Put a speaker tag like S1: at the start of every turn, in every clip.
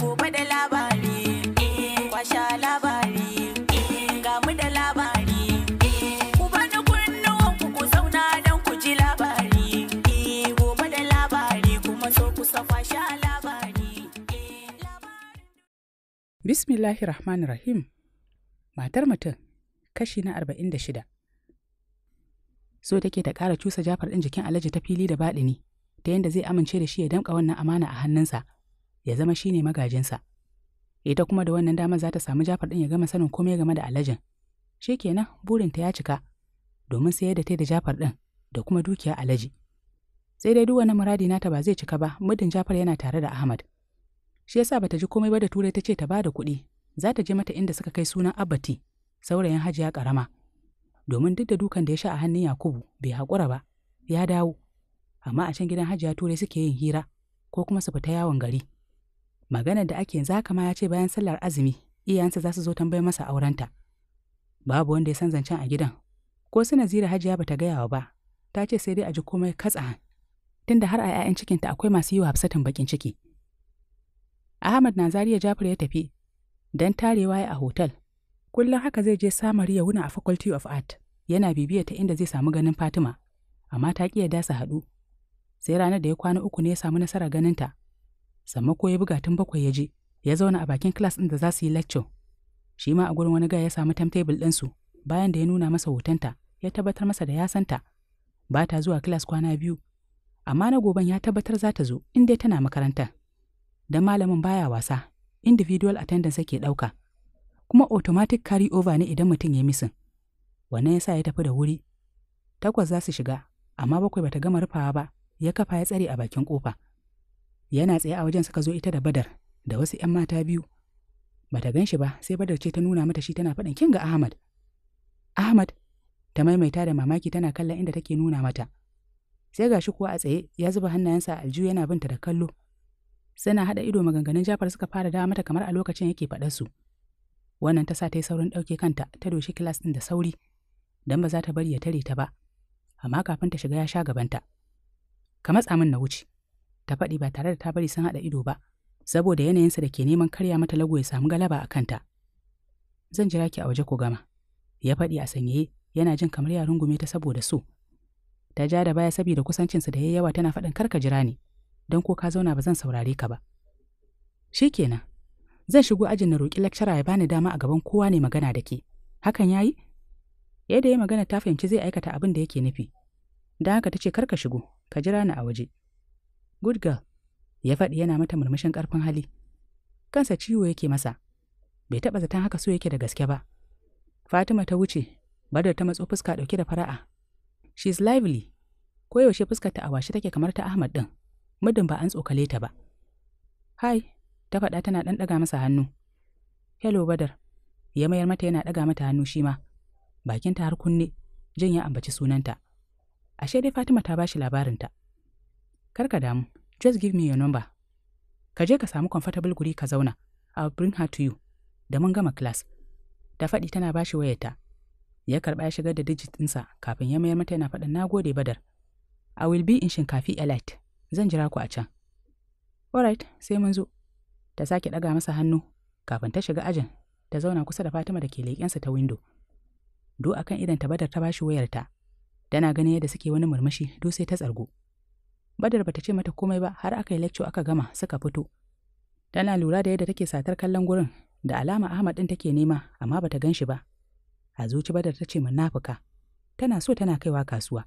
S1: gobe da labari eh, kwasha labari eh, ga mu da labari eh, ku bani kunnuwan ku ku zauna don ku ji labari gobe da labari kuma so ku kwasha labari bismillahir rahmanir rahim matar mutum kashi na arba'in da shida. so take ta ƙara cusa jafar ɗin jikin alhaji ta fili da baɗini ta yadda zai amince da shi ya damƙa wannan amana a hannunsa ya zama shi ne magajinsa. Ita kuma da wannan dama za ta samu jafar ɗin ya gama sanin komai game da alajin. Shi kenan burinta ya cika, domin sayar da ta da jafar ɗin da kuma dukiya alaji. Sai dai duk wani muradi nata ba zai cika ba muddin jafar yana tare da Ahmad. Shi yasa bata ji komai ba da turai ta ce ta bada kuɗi, za ta je mata inda suka kai sunan Abbati, saurayin hajiya ƙarama. Domin duk da dukan da ya sha a hannun Yakubu bai haƙura ba, ya dawo. Amma a can gidan hajiya turai suke yin hira ko kuma su fita yawon gari. maganar da ake yanzu haka ma ya ce bayan sallar azumi iyayensa za su zo tambayar masa aurenta babu wanda ya san zancen a gidan ko su nazira hajiya bata gaya wa ba ta ce sai dai a ji komai katsa tunda har a 'ya'yan cikinta akwai masu yi wa hafsatan bakin ciki ahmad na zariya jafar ya tafi Dan tarewa ya a hotel kullum haka zai je samari ya wuna a faculty of art yana bibiya ta inda zai samu ganin fatima amma ta ƙi ya dasa haɗu sai ranar da ya kwana uku ne ya samu nasarar ganinta sammako ya buga tun bakwai ya je ya zauna a bakin class ɗin da za su yi lecture shi ma a gurin wani gaya ya samu timetable ɗinsu bayan da ya nuna masa hotonta ya tabbatar masa da ya ta. ba ta zuwa class kwana biyu amma na goben ya tabbatar za ta zo in dai tana makarantar. dan malamin baya wasa individual attendance ke ɗauka kuma automatic carry over ne idan mutum ya misin wannan yasa ya tafi da wuri takwas za su shiga amma bakwai bata gama rufawa ba ya kafa ya tsare a bakin kofa yana tsaye a wajen suka zo ita da badar da wasu 'yan mata biyu Ba ta gan shi ba sai badar ce ta nuna mata shi tana faɗin kin ga ahmad ahmad ta maimaita da mamaki tana kallon inda take nuna mata sai ga shi kuwa a tsaye ya zuba hannayensa a aljihu yana binta da kallo suna haɗa ido maganganun jafar suka fara dawa mata kamar a lokacin yake faɗar su wannan ta sa ta yi saurin ɗauke kanta ta doshi kilas ɗin da sauri don ba za ta bari ya tare ta ba amma kafin ta shiga ya sha gabanta ka matsa min na wuce ta faɗi ba tare da ta bari sun haɗa ido ba, saboda yanayinsa da ke neman karya mata lago ya samu galaba a kanta. Zan jira ki a waje ku gama, ya faɗi a sanyaye yana jin kamar ya rungume ta saboda so. Ta ja da baya saboda kusancinsa da ya yawa tana faɗin karka jira ni, don ko ka zauna ba zan saurare ka ba. Shi kenan, zan shigo ajin na roƙi lakcara ya bani dama a gaban kowa ne magana da ke. Hakan ya yi? Yadda ya magana ta fahimci zai aikata abin da yake nufi. Dan haka ta ce karka shigo, ka jira ni a waje. Good girl, ya faɗi yana mata murmushin ƙarfin hali. Kansa ciwo yake masa, bai taɓa zaton haka so yake da gaske ba. Fatima ta wuce, Badar ta matso fuska ɗauke da fara'a. She is lively, koyaushe fuskar ta a washe take kamar ta Ahmad ɗin, muddin ba an tsokale ta ba. Hi. ta faɗa tana ɗan ɗaga masa hannu. Hello Badar, ya mayar mata yana ɗaga mata hannu shi ma. Bakinta har kunne, jin ya ambaci sunanta. Ashe dai Fatima ta bashi labarinta. Kar ka damu, just give me your number. Ka je ka samu comfortable guri ka zauna, I'll bring her to you. Da mun gama class. Ta faɗi tana bashi wayarta. Ya karɓa ya shigar da digit ɗinsa kafin ya mayar mata yana faɗin na gode badar. I will be in shinkafi light. Zan jira ku a can. Alright, sai mun zo. Ta sake ɗaga masa hannu kafin ta shiga ajin ta zauna kusa da Fatima da ke leƙensa ta window. Do akan idan ta badar ta bashi wayarta. Tana ganin yadda suke wani murmushi do sai ta tsargu. Badar bata ce mata komai ba har aka yi lecture aka gama suka fito. Tana lura da yadda take satar kallon gurin da alama Ahmad ɗin take nema amma bata gan shi ba. A zuci Badar ta ce munafuka. Tana so tana kaiwa kasuwa.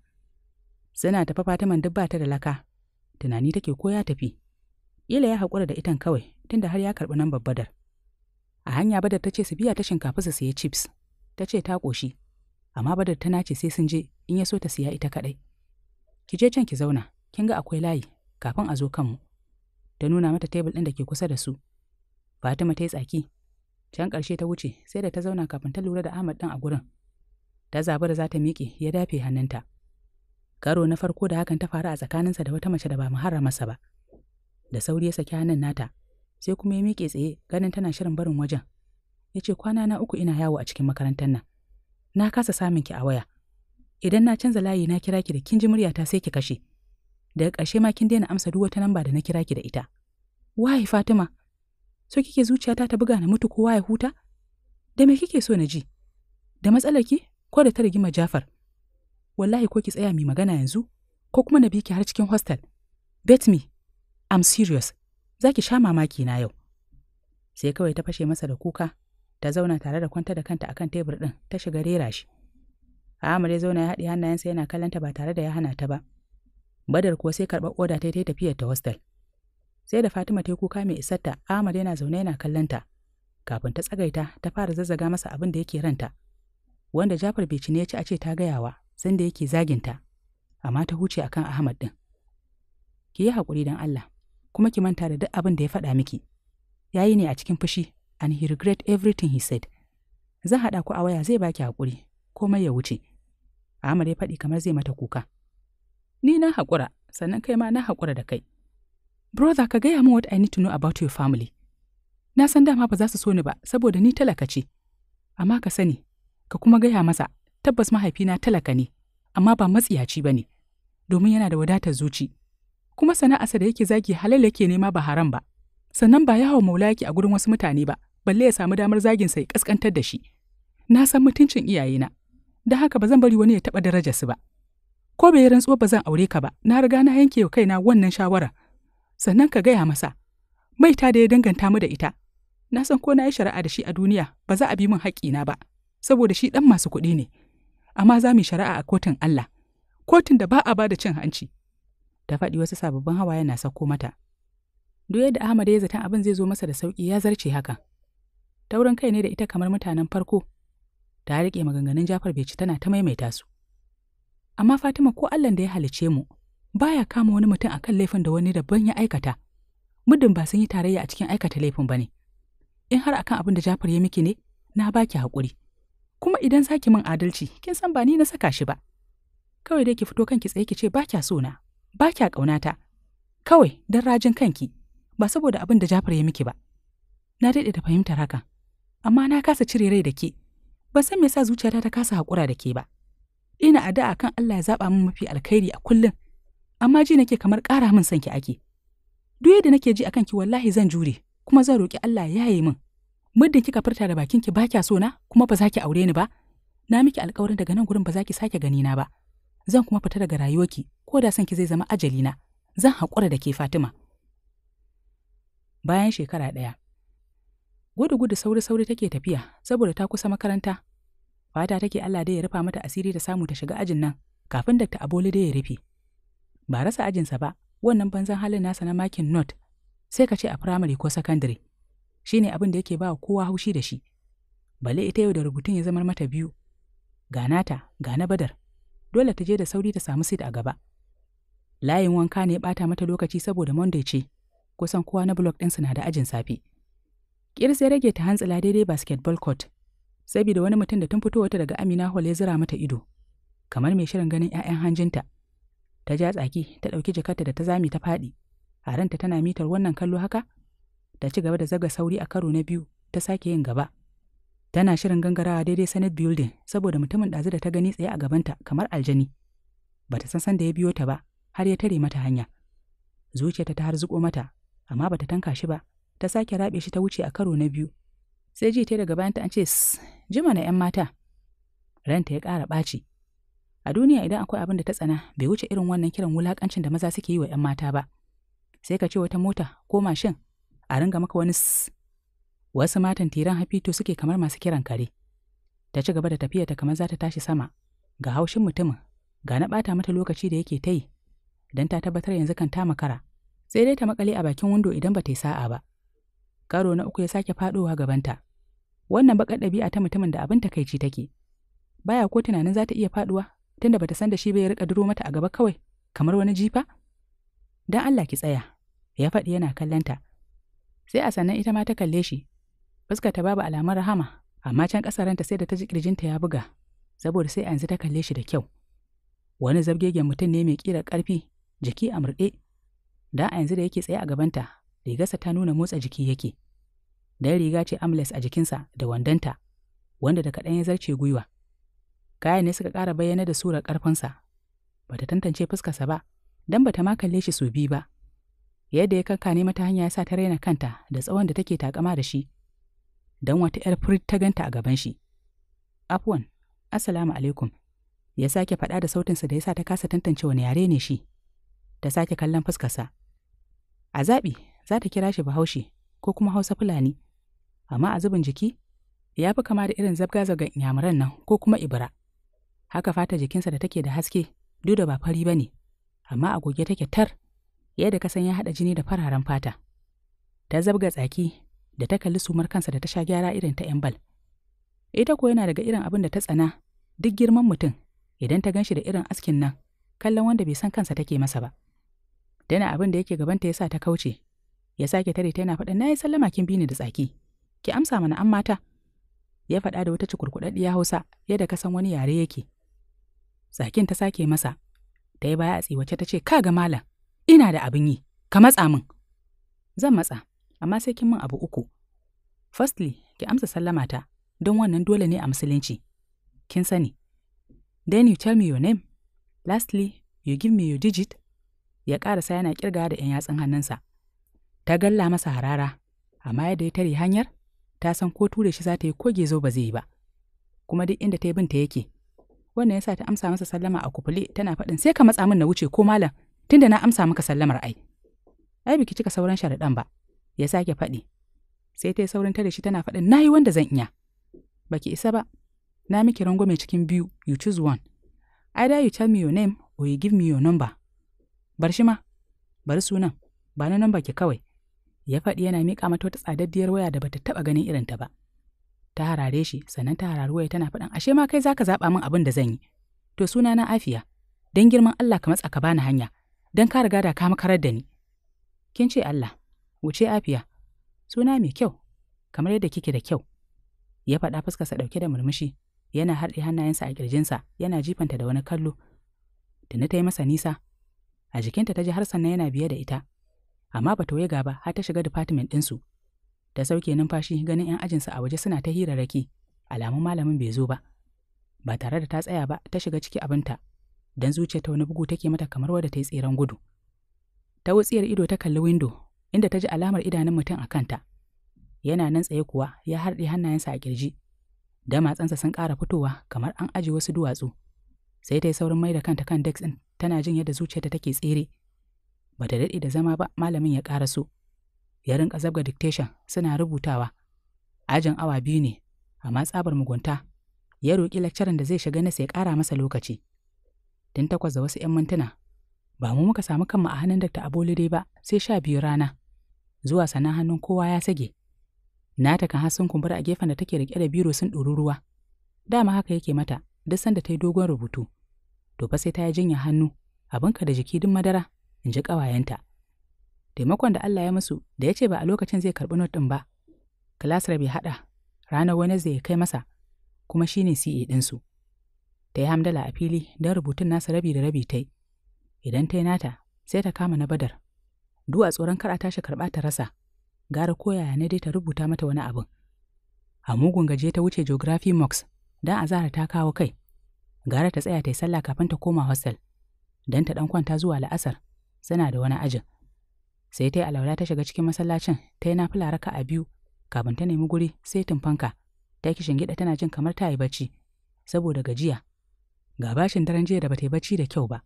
S1: Suna tafa Fatiman duk ba da laka. Tunani take ko ya tafi. Ila ya haƙura da itan kawai tunda har ya karɓi nan babbadar. A hanya Badar ta ce su biya ta shinkafa su siya chips. Ta ce ta ƙoshi. Amma Badar tana ce sai sun je in ya so ta siya ita kaɗai. Ki je can ki zauna, kin ga akwai layi kafin a zo kanmu ta nuna mata tebul ɗin da ke kusa da su fatima ta yi tsaki can ƙarshe ta wuce sai da ta zauna kafin ta lura da ahmad ɗin a gurin ta zaɓi da za ta miƙe ya dafe hannunta karo na farko da hakan ta faru a tsakaninsa da wata mace da ba muharramarsa ba da sauri ya saki hannun nata sai kuma ya miƙe tsaye ganin tana shirin barin wajen ya ce kwana na uku ina yawo a cikin makarantar nan na kasa samun ki a waya idan na canza layi na kira ki da kin ji muryata sai ki kashe daga ƙarshe ma kin daina amsa duk wata namba da na kira ki da ita wai fatima so kike zuciyata ta buga na mutu ko ya huta da me kike so na ji da matsalar ki ko da ta rigima jafar wallahi ko ki tsaya mi magana yanzu ko kuma na bi ki har cikin hostel bet me i'm serious za ki sha mamaki na yau sai kawai ta fashe masa da kuka ta zauna tare da kwanta da kanta akan tebur ɗin ta shiga rera shi Ahmad ya zauna ya haɗe hannayensa yana kallonta ba tare da ya hana ta ba. Badar kuwa sai karɓar oda ta yi tafiyar ta hostel. Sai da Fatima ta yi kuka mai isar ta Ahmad yana zaune yana kallon ta. Kafin ta tsagaita, ta fara zazzaga masa abin da yake ranta. Wanda Jafar bai cine ci a ce ta gayawa, san da yake zaginta. Amma ta huce akan Ahmad ɗin. Ki yi haƙuri don Allah, kuma ki manta da duk abin da ya faɗa miki. Ya yi ne a cikin fushi, and he regret everything he said. Zan haɗa ku a waya zai baki haƙuri, komai ya wuce. Ahmad ya faɗi kamar zai mata kuka. Ni na haƙura, sannan kai ma na haƙura da kai. Brother, ka gaya min what I need to know about your family. Na san dama ba za su so ni ba, saboda ni talaka ce. Amma ka sani, ka kuma gaya masa, tabbas mahaifina talaka ne, amma ba matsiyaci ba ne, domin yana da wadatar zuci. Kuma sana'arsa da yake zagi halal yake nema ba haram ba. Sannan ba yawo maula yake a gurin wasu mutane ba, balle ya samu damar zaginsa ya kaskantar da shi. Na san mutuncin iyayena, don haka ba zan bari wani ya taɓa darajarsu ba. ko bai rantsuwa ba zan aure ka ba na riga na yanke wa kaina wannan shawara sannan ka gaya masa mai ta da ya danganta mu da ita na san ko na yi shari'a da shi a duniya ba za a bi min na ba saboda shi ɗan masu kuɗi ne amma za mu yi shari'a a kotun Allah kotun da ba a ba da cin hanci da faɗi wasu sababbin hawa na sauko mata duk yadda Ahmad ya zata abin zai zo masa da sauƙi ya zarce haka taurin kai ne da ita kamar mutanen farko ta riƙe maganganun Jafar bai ci tana ta maimaita su Amma Fatima ko Allah da ya halice mu baya kama wani mutum akan laifin da wani daban ya aikata. Muddin ba sun yi tarayya a cikin aikata laifin ba ne. In har akan abin da Jafar ya miki ne, na baki hakuri. Kuma idan saki min adalci, kin san ba ni na saka shi ba. Kawai dai ki fito kanki tsaye ki ce ba kya so na, ba kya ƙaunata. Kawai don rajin kanki, ba saboda abin da Jafar ya miki ba. Na daɗe da fahimtar haka amma na kasa cire rai da ke. ba san me yasa zuciyata ta kasa haƙura da ke ba. ina addu'a kan Allah ya zaba min mafi alkhairi a kullum amma ji nake kamar ƙara min sanki ake duk yadda nake ji akan ki wallahi zan jure kuma zan roki Allah ya yaye min muddin kika furta da bakin ki ba kya so na kuma ba za ki aure ni ba na miki alƙawarin daga nan gurin ba za ki sake gani na ba zan kuma fita daga rayuwarki ko da son ki zai zama ajali na zan haƙura da ke Fatima bayan shekara ɗaya gudu gudu sauri sauri take tafiya saboda ta kusa makaranta fata take Allah dai ya rufa mata asiri da samu ta shiga ajin nan kafin Dr. Abole dai ya rufe. Ba rasa ajinsa ba, wannan banzan halin nasa na makin not sai ka ce a firamare ko sakandare. Shi ne abin da yake ba kowa haushi da shi. Bale ita yau da rubutun ya zama mata biyu. Ganata, gana badar. Dole ta je da sauri ta samu sit a gaba. Layin wanka ne bata mata lokaci saboda Monday ce, kusan kowa na block ɗinsu na da ajin safe. Kirsi ya rage ta hantsila daidai basketball court saboda wani mutum da tun wata daga Amina hole zira mata ido, kamar mai shirin ganin 'ya'yan hanjinta. Ta ja tsaki, ta ɗauki jakarta da ta zami ta faɗi, a ranta tana mitar wannan kallo haka? Ta ci gaba da zaga sauri a karo na biyu, ta sake yin gaba. Tana shirin gangarawa daidai Senate Building saboda mutumin ɗazu da ta gani tsaye a gabanta kamar aljani. Ba ta san da ya biyo ta ba, har ya tare mata hanya. Zuciyarta ta harzuko mata, amma ba ta tanka shi ba, ta sake raɓe shi ta wuce a karo na biyu, sai ji ta daga bayanta an ce jima na 'yan mata ranta ya ƙara ɓaci a duniya idan akwai abin da ta tsana bai wuce irin wannan kiran wulaƙancin da maza suke yi wa 'yan mata ba sai ka ce wata mota ko mashin a ringa maka wani wasu matan tiran hafito suke kamar masu kiran kare ta ci gaba da tafiya ta kamar za ta tashi sama ga haushin mutumin ga na ɓata mata lokaci da yake ta yi don ta tabbatar yanzu kan ta makara sai dai ta makale a bakin wando idan ba ta yi sa'a ba karo na uku ya sake faɗowa gabanta wannan baƙar ɗabi'a ta mutumin da abin takaici take baya ko tunanin za ta iya faɗuwa tunda bata san da shi bai rika duro mata a gaba kawai kamar wani jifa dan Allah ki tsaya ya faɗi yana kallanta sai a sannan ita ma ta kalle shi fuska ta babu alamar rahama amma can kasaranta sai da ta ji ƙirjinta ya buga saboda sai yanzu ta kalle shi da kyau wani zabgegen mutum ne mai ƙirar ƙarfi jiki a murɗe da a yanzu da yake tsaye a gabanta rigarsa ta nuna motsa jiki yake. Dan riga ce amles a jikinsa da wandanta, wanda da kaɗan ya zarce gwiwa. Kayan ne suka ƙara bayyana da surar ƙarfinsa. Ba ta tantance fuskarsa ba, dan ta ma kalle shi su biyu ba. Yadda ya kankane mata hanya ya sa ta raina kanta da tsawon da take takama da shi. Dan wata 'yar furit ta ganta a gaban shi. Afwan, Assalamu alaikum. Ya sake faɗa da sautinsa da ya sa ta kasa tantance wani yare ne shi. Ta sake kallon fuskarsa. A zaɓi, za ta kira shi bahaushe ko kuma hausa fulani amma a zubin jiki ya fi kama da irin zabga-zabgan inyamuran nan ko kuma ibira haka fata jikinsa da take da haske duk da ba fari ba ne amma a goge take tar yadda san ya haɗa jini da fararen fata ta zabga tsaki da ta kalli sumar kansa da ta sha gyara irin ta 'yan bal ita ko yana daga irin abin da ta tsana duk girman mutum idan ta gan shi da irin askin nan kallon wanda bai san kansa take masa ba dana abin da yake gabanta ya sa ta kauce ya sake tare ta yana faɗa na yi sallama kin bi ni da tsaki ki amsa mana an mata ya faɗa da wata cikurkuɗaɗɗiya hausa yadda ka san wani yare yake tsakin ta sake masa ta yi baya a tsiwace ta ce ka ga malam ina da abin yi ka matsa min zan matsa amma sai kin min abu uku firstly ki amsa sallama ta don wannan dole ne a musulunci kin sani then you tell me your name lastly you give me your digit ya ƙarasa yana kirga da 'yan yatsun hannunsa. ta galla masa harara amma yadda ya tare hanyar ta san ko ture shi za ta yi ko zo ba zai yi ba kuma duk inda ta yi binta yake wannan yasa ta amsa masa sallama a kufule tana faɗin sai ka matsa min na wuce ko malam tunda na amsa maka sallamar ai ai biki cika sauran sharaɗan ba ya sake faɗi sai ta yi saurin tare shi tana faɗin na yi wanda zan iya baki isa ba na miki rangwame cikin biyu you choose one either you tell me your name or you give me your number bar shi ma bari sunan ba na namba ki kawai ya faɗi yana miƙa mata wata tsadaddiyar waya da bata taɓa ganin irin ta ba. Ta harare shi sannan ta harari waya tana faɗan. ashe ma kai zaka zaɓa min abin da zan yi. To suna na Afiya, dan girman Allah ka matsa ka bani hanya, dan ka riga da ka makarar da ni. Kin ce Allah, wuce Afiya, suna mai kyau, kamar yadda kike da kyau. Ya faɗa fuskarsa ɗauke da murmushi, yana harɗe hannayensa a ƙirjinsa, yana jifanta da wani kallo. Tuni ta yi masa nisa, a jikinta ta ji har sannan yana biye da ita, amma ba ta ga ba har ta shiga department ɗinsu. Ta sauke numfashi ganin 'yan ajinsa a waje suna ta raki alamun malamin bai zo ba. Ba tare da ta tsaya ba ta shiga ciki abinta, don zuciya ta wani bugu take mata kamar wadda ta yi tseren gudu. Ta wutsiyar ido ta kalli window inda ta ji alamar idanun mutum a kanta. Yana nan tsaye kuwa ya harɗe hannayensa a kirji. Da matsansa sun ƙara fitowa kamar an aje wasu duwatsu. Sai ta yi saurin mai da kanta kan Dex ɗin tana jin yadda zuciyarta take tsere. ba da daɗe da zama ba malamin ya ƙara so ya rinka zabga dictation suna rubutawa ajin awa biyu ne amma tsabar mugunta ya roƙi lakcaran da zai shiga na ya ƙara masa lokaci tun takwas da wasu 'yan mintuna ba mu muka samu kanmu a hannun Dr. dai ba sai sha biyu rana zuwa sannan hannun kowa ya sage ta kan har kumbura a gefen da take riƙe da biro sun ɗoru ruwa dama haka yake mata duk sanda ta yi dogon rubutu to fa sai ta yi jinya hannu abinka da jiki duk madara in ji ƙawayenta. Taimakon da Allah ya musu da ya ce ba a lokacin zai karɓi not ɗin ba, Kilasar bai haɗa ranar wani zai kai masa kuma shi ne CA ɗinsu. Ta yi hamdala a fili don rubutun nasa rabi da rabi ta yi. Idan ta yi nata sai ta kama na badar. a tsoron kar a tashi karɓa ta rasa, gara koyaya na dai ta rubuta mata wani abin. A mugun gaje ta wuce Geography Mox don azara ta kawo kai. Gara ta tsaya ta yi sallah kafin ta koma hostel. Don ta ɗan kwanta zuwa la'asar suna da wani ajin sai ta yi alaula ta shiga cikin masallacin ta yi nafila raka a biyu kafin ta nemi guri sai tumfanka ta yi gida tana jin kamar ta yi bacci saboda gajiya ga bashin daren jiya da bata yi bacci da kyau ba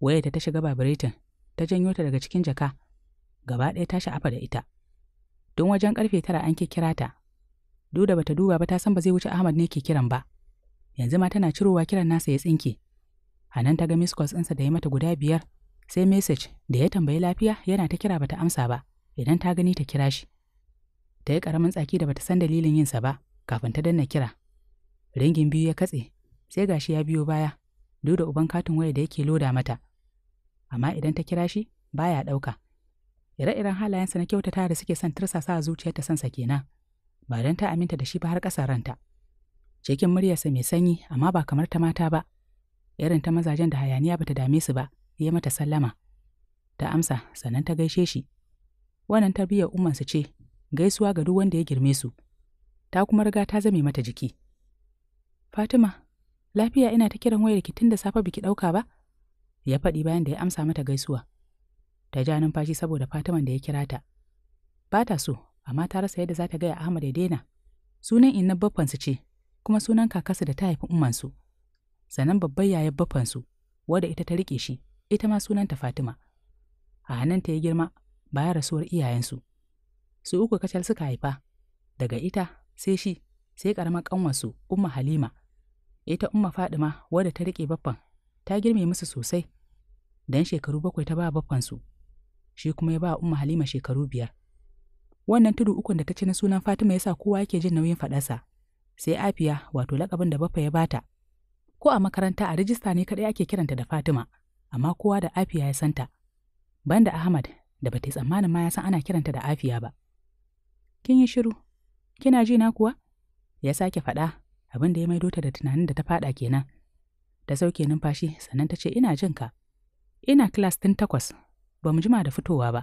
S1: wayarta ta shiga babiretin ta janyo ta daga cikin jaka gaba ɗaya ta sha'afa da ita don wajen karfe tara an kira ta duk da bata duba ba ta san ba zai wuce Ahmad ne ke kiran ba yanzu ma tana cirowa kiran nasa ya tsinke A nan ta ga miss ɗinsa da ya mata guda biyar sai message da ya tambayi lafiya yana ta kira bata amsa ba idan ta gani ta kira shi ta yi karamin tsaki da bata san dalilin yinsa ba kafin ta danna kira ringin biyu ya katse sai gashi ya biyo baya duk da uban katin waya da yake loda mata amma idan ta kira shi baya ɗauka ire-iren halayensa na kyautata da suke son tursasa a ta sansa kenan ba don ta aminta da shi ba har ƙasa ranta cikin muryarsa mai sanyi amma ba kamar ta mata ba irin ta mazajen da hayaniya bata dame su ba ya mata sallama. Ta amsa sannan ta gaishe shi. Wannan tarbiyyar ummansu ce, gaisuwa ga duk wanda ya girme su. Ta kuma riga ta zame mata jiki. Fatima, lafiya ina ta kiran wayar ki da safe biki ɗauka ba? Ya faɗi bayan da ya amsa mata gaisuwa. Ta ja numfashi saboda fatima da ya kira ta. Ba so, amma ta rasa yadda za ta gaya Ahmad ya daina. Sunan inna baffansu ce, kuma sunan kakarsu da ta haifi ummansu. Sannan babban yayar baffansu, wadda ita ta riƙe shi. ita ma sunanta Fatima. A hannun ta ya girma bayan rasuwar iyayensu. Su uku kacal suka haifa, daga ita sai shi sai ƙaramar ƙanwarsu Umma Halima. Ita Umma Fadima wadda ta riƙe baffan ta girme musu sosai. Dan shekaru bakwai ta ba baffansu, shi kuma ya ba Umma Halima shekaru biyar. Wannan tudu ukun da ta ci na sunan Fatima ya sa kowa yake jin nauyin faɗarsa. Sai Afiya wato lakabin da baffa ya bata. Ko a makaranta a rijista ne kaɗai ake kiranta da Fatima. amma kowa da Afiya ya santa, banda Ahmad da bata yi tsammanin ma ya san ana kiranta da Afiya ba. Kin yi shiru, kina ji na kuwa? Ya sake faɗa abin da ya maido ta da tunanin da ta faɗa kenan. Ta sauke numfashi sannan ta ce ina jin ka. Ina kilas tun takwas, ba mu jima da fitowa ba.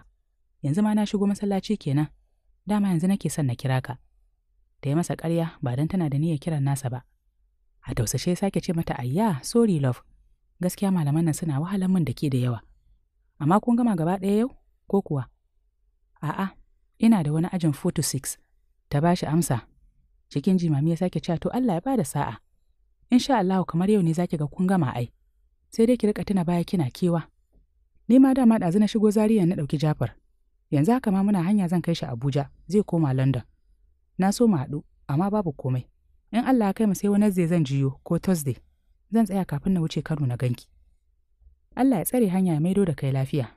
S1: Yanzu ma na shigo masallaci kenan, dama yanzu nake son na kira ka. ta yi masa ƙarya ba don tana da niyyar kiran nasa ba. A tausashe sake ce mata ayya, sorry love, gaskiya malaman nan suna wahalar min da ke da yawa. Amma kun gama gaba ɗaya yau ko kuwa? A'a, ina da wani ajin 4 6, ta bashi amsa. Cikin jimami ya sake cewa to Allah ya bada sa'a. sha Allah kamar yau ne zaki ga kun gama ai. Sai dai ki rika tuna baya kina kewa. Ni ma dama ɗazu na shigo zariya na ɗauki Jafar. Yanzu haka ma muna hanya zan kai shi Abuja, zai koma London. Na so mu haɗu, amma babu komai. In Allah ya kai mu sai wani zai zan jiyo ko Thursday. zan tsaya kafin na wuce Kano na ganki. Allah ya tsare hanya ya maido da kai lafiya.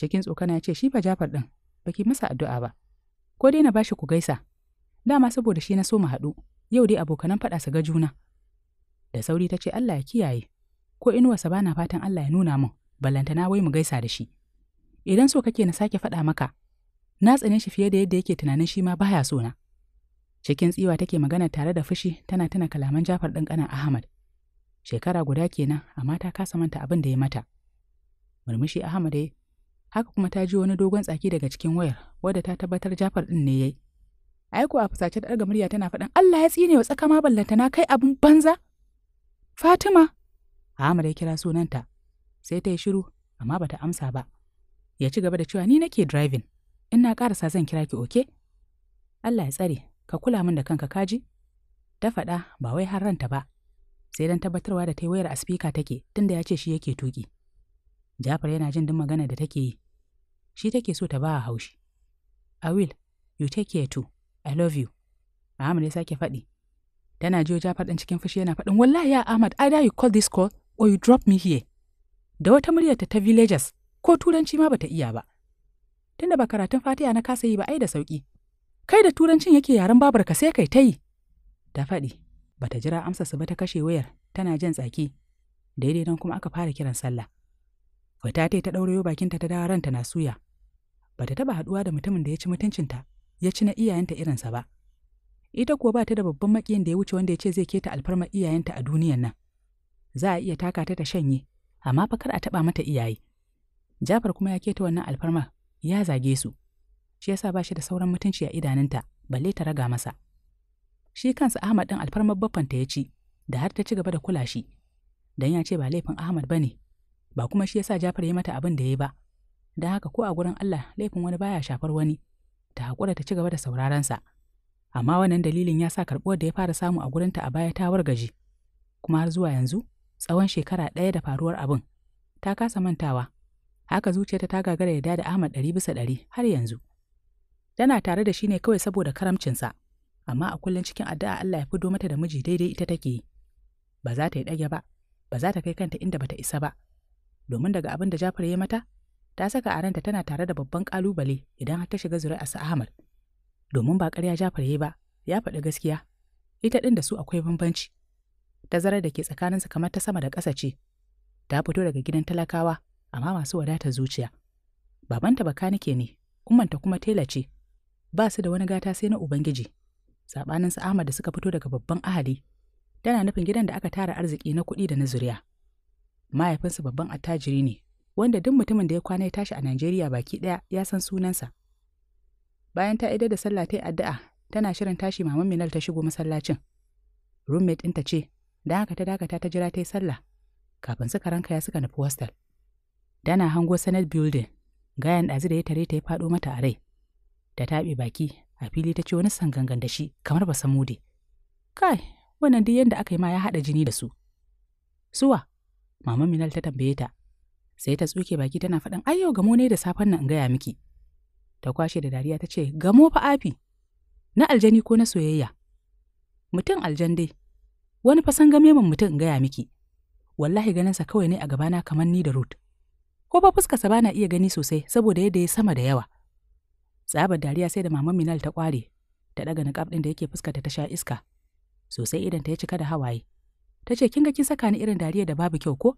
S1: Cikin tsokana ya ce shi fa Jafar ɗin, baki masa addu'a ba. Ko dai na bashi ku gaisa. Dama saboda shi na so mu haɗu, yau dai abokanan faɗa su ga juna. Da sauri ta ce Allah ya kiyaye, ko inuwa ba na fatan Allah ya nuna min, na wai mu gaisa da shi. Idan so kake na sake faɗa maka, na tsane shi fiye da yadda yake tunanin shi ma baya so na. Cikin tsiwa take magana tare da fushi tana tuna kalaman Jafar ɗin ƙanan Ahmad. Shekara guda kenan, amma ta kasa manta abin da ya mata. Murmushi Ahmad ya haka kuma ta ji wani dogon tsaki daga cikin wayar, wadda ta tabbatar Jafar ɗin ne yayi. Aiko a fusace da ɗaga murya tana faɗin Allah ya tsine wa tsaka ma ballanta na kai abin banza. Fatima, Ahmad ya kira sunanta, sai ta yi shiru, amma bata amsa ba. Ya ci gaba da cewa ni nake driving, ina sa zan kira ki oke? Allah ya tsare, ka kula min da kanka kaji? Ta faɗa ba wai har ranta ba, sai don tabbatarwa da ta yi wayar a spika take tunda ya ce shi yake tuki. Jafar yana jin duk magana da take yi. Shi take so ta ba haushi. I will, you take care too. I love you. Ahmad ya sake faɗi. Tana jiyo Jafar ɗin cikin fushi yana faɗin wallahi ya Ahmad either you call this call or you drop me here. Da wata muryarta ta ta villagers ko turanci ma bata iya ba. Tunda ba karatun fatiya na kasa yi ba ai da sauki. Kai da turancin yake yaren babarka sai kai ta yi. Ta faɗi. Bata jira amsa su ba ta kashe wayar, tana jan tsaki. Daidai nan kuma aka fara kiran sallah. Fita ta ɗaurayo bakinta ta dawo ranta na suya. Bata taɓa haɗuwa da mutumin da ya ci mutuncinta, ya ci na iyayenta irinsa ba. Ita kuwa ba ta da babban makiyin da ya wuce wanda ya ce zai keta alfarma iyayenta a duniyan nan. Za a iya taka ta ta shanye, amma fa kar a taɓa mata iyaye. Jafar kuma ya keta wannan alfarma, ya zage su. Shi yasa ba shi da sauran mutunci a idanunta, balle ta raga masa. shi kansa Ahmad ɗin alfarmar baffanta ya ci, da har ta ci gaba da kula shi, Dan ya ce ba laifin Ahmad ba ne, ba kuma shi yasa Jafar ya mata abin da ya ba, don haka ko a gurin Allah laifin wani baya shafar wani, ta haƙura ta ci gaba da saurarensa. Amma wannan dalilin ya sa karɓuwar da ya fara samu a gurinta a baya ta wargaje, kuma har zuwa yanzu tsawon shekara ɗaya da faruwar abin, ta kasa mantawa, haka zuciyarta ta gagara ya da Ahmad ɗari bisa ɗari har yanzu. Tana tare da shi ne kawai saboda karamcinsa, amma a kullum cikin addu'a Allah ya fido mata da miji daidai ita take yi. Ba za ta yi ɗage ba, ba za ta kai kanta inda bata isa ba. Domin daga abin da Jafar ya mata, ta saka a ranta tana tare da babban ƙalubale idan har ta shiga zuri'arsa Ahmad. Domin ba ƙarya Jafar ya ba, ya faɗi gaskiya. Ita ɗin da su akwai bambanci. Tazarar da ke tsakaninsu kamar ta sama da ƙasa ce. Ta fito daga gidan talakawa, amma masu wadata zuciya. Babanta bakanike ne, ummanta kuma tela ce. Ba su da wani gata sai na Ubangiji. saɓanin su Ahmad da suka fito daga babban ahali, tana nufin gidan da aka tara arziki na kuɗi da na zuriya. mahaifinsa babban attajiri ne, wanda duk mutumin da ya kwana ya tashi a Najeriya baki ɗaya ya san sunansa. Bayan ta idar da sallah ta yi addu'a, tana shirin tashi maman Minal ta shigo masallacin. Roommate ɗinta ce, da haka ta dakata ta jira ta yi sallah, kafin suka ranka ya suka nufi hostel. Dana hango Senate Building, gayan ɗazu da ya tare ta ya faɗo mata a rai. Ta taɓe baki, a fili ta ce wani sangangan da shi kamar ba samude kai wannan duk yadda aka yi ma ya haɗa jini da su suwa mama minal ta tambaye ta sai ta tsuke baki tana faɗin ayyo gamo ne da safen nan in gaya miki ta kwashe da dariya ta ce gamo fa afi na aljani ko na soyayya mutum aljan dai wani fasan game min mutum in gaya miki wallahi ganin sa kawai ne a gabana kamar ni da rut ko ba fuskarsa bana iya gani sosai saboda yadda ya sama da yawa tsabar dariya sai da maman minal ta kware ta daga niƙaf ɗin da yake fuskata ta sha iska sosai idan ta ya cika da hawaye ta ce kin ga kin saka ni irin dariya da babu kyau ko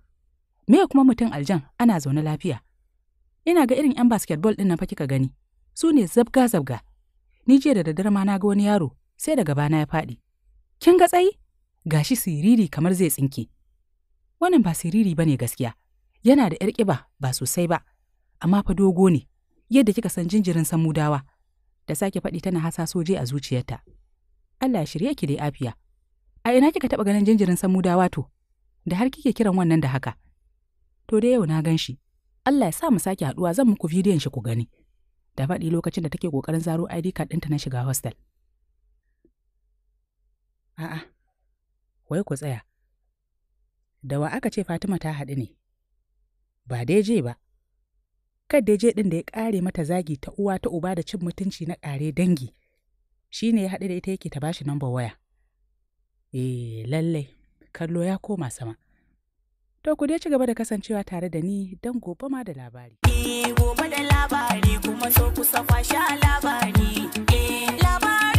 S1: me kuma mutum aljan ana zaune lafiya ina ga irin yan basketball ɗin nan fa kika gani su ne zabga zabga ni jiya da daddare ma na ga wani yaro sai daga bana ya faɗi kin ga tsayi gashi siriri kamar zai tsinke wannan ba siriri ne gaskiya yana da 'yar ƙiba ba sosai ba amma fa dogo ne yadda kika san jinjirin samudawa da sake faɗi tana hasa soje a zuciyarta Allah ya shirye ki dai afiya a ina kika taɓa ganin jinjirin samudawa to da har kike kiran wannan da haka to dai yau na gan shi Allah ya sa mu sake haɗuwa zan muku bidiyon shi ku gani da faɗi lokacin da take ƙoƙarin zaro ID card ɗinta na shiga hostel a'a wai ku tsaya da wa aka ce Fatima ta haɗu ne ba dai je ba Kadda ya je ɗin da ya ƙare mata zagi ta uwa ta uba da cin mutunci na ƙare dangi shi ne ya haɗu da ita yake ta bashi namba waya eh lallai kallo ya koma sama to ku dai ci gaba da kasancewa tare da ni don gobe ma da labari eh gobe da labari kuma so kusa sha labari eh labari